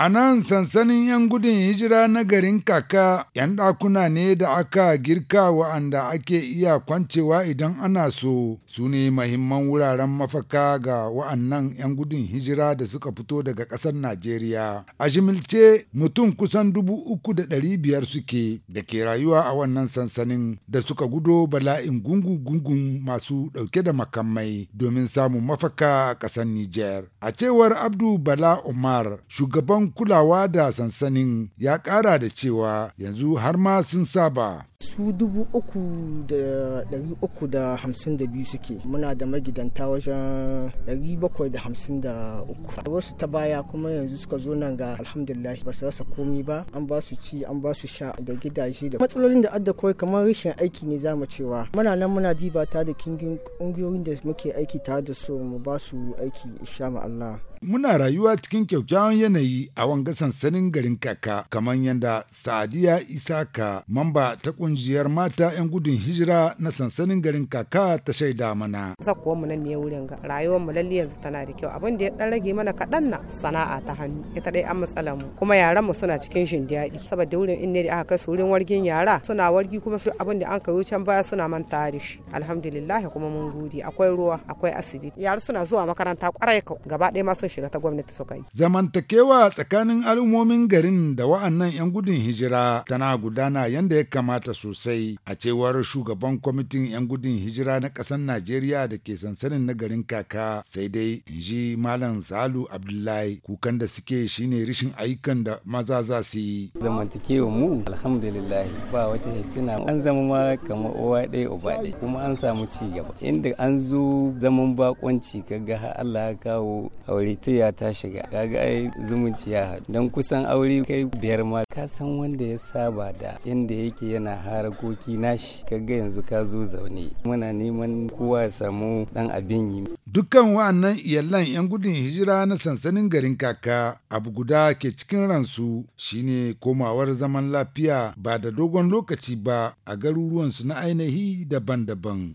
A nan sansanin 'yan gudun hijira na garin kaka 'yan ɗakuna ne da aka girka wa'anda ake iya kwancewa idan ana so su ne mahimman wuraren mafaka ga wa'annan 'yan gudun hijira da suka fito daga ƙasar Najeriya. A shimilce mutum kusan dubu uku da ɗari biyar suke da ke rayuwa a wannan sansanin da suka gudo bala'in gungu-gungun masu ɗauke da makamai domin samun mafaka a ƙasar Nijar. A cewar Abdu Bala Umar, shugaban kulawa da sansanin ya ƙara da cewa yanzu har ma sun saba. su dubu uku da dari uku da hamsin da biyu suke muna da magidanta wajen dari bakwai da hamsin da uku wasu ta baya kuma yanzu suka zo nan ga alhamdulillah ba su rasa komi ba an ba su ci an ba su sha da gidaje da matsalolin da adda kawai kamar rashin aiki ne zamu cewa muna nan muna diba ta da kingin ƙungiyoyin da muke aiki tare da su mu ba su aiki insha Allah muna rayuwa cikin kyakkyawan yanayi a wanga sansanin garin kaka kamar yanda sadiya isaka mamba ta kungiyar mata 'yan gudun hijira na sansanin garin kaka ta shaida mana. kuwa mu nan ne wurin ga rayuwar mu lalle yanzu tana da kyau abin da ya dan rage mana kaɗan na sana'a ta hannu ita dai an matsala mu kuma yaran mu suna cikin jin daɗi saboda wurin in ne da aka kai su wurin wargin yara suna wargi kuma su abin da an ka can baya suna manta da shi alhamdulillah kuma mun gode akwai ruwa akwai asibiti yara suna zuwa makaranta kwarai kau gaba ɗaya ma sun shiga ta gwamnati suka yi. Zamantakewa tsakanin al'ummomin garin da wa'annan 'yan gudun hijira tana gudana yadda ya kamata sosai a cewar shugaban kwamitin 'yan gudun hijira na ƙasar Najeriya da ke sansanin na garin kaka sai dai in ji Malam Salu Abdullahi kukan da suke shine rishin ayyukan da maza za su yi. Zamantakewa mu alhamdulillah ba wata hitina an zama ma kamar uwa ɗaya uba ɗaya kuma an samu ci gaba inda an zo zaman bakonci ga har Allah ya kawo aure ta ya ta shiga kaga ai zumunci ya haɗu don kusan aure kai biyar ma ka san wanda ya saba da inda yake yana harakoki nashi kaga yanzu ka zo zaune muna neman kowa samu dan abin yi dukkan wa'annan iyalan yan gudun hijira na sansanin garin kaka abu guda ke cikin ransu shine komawar zaman lafiya ba da dogon lokaci ba a garuruwansu na ainihi daban-daban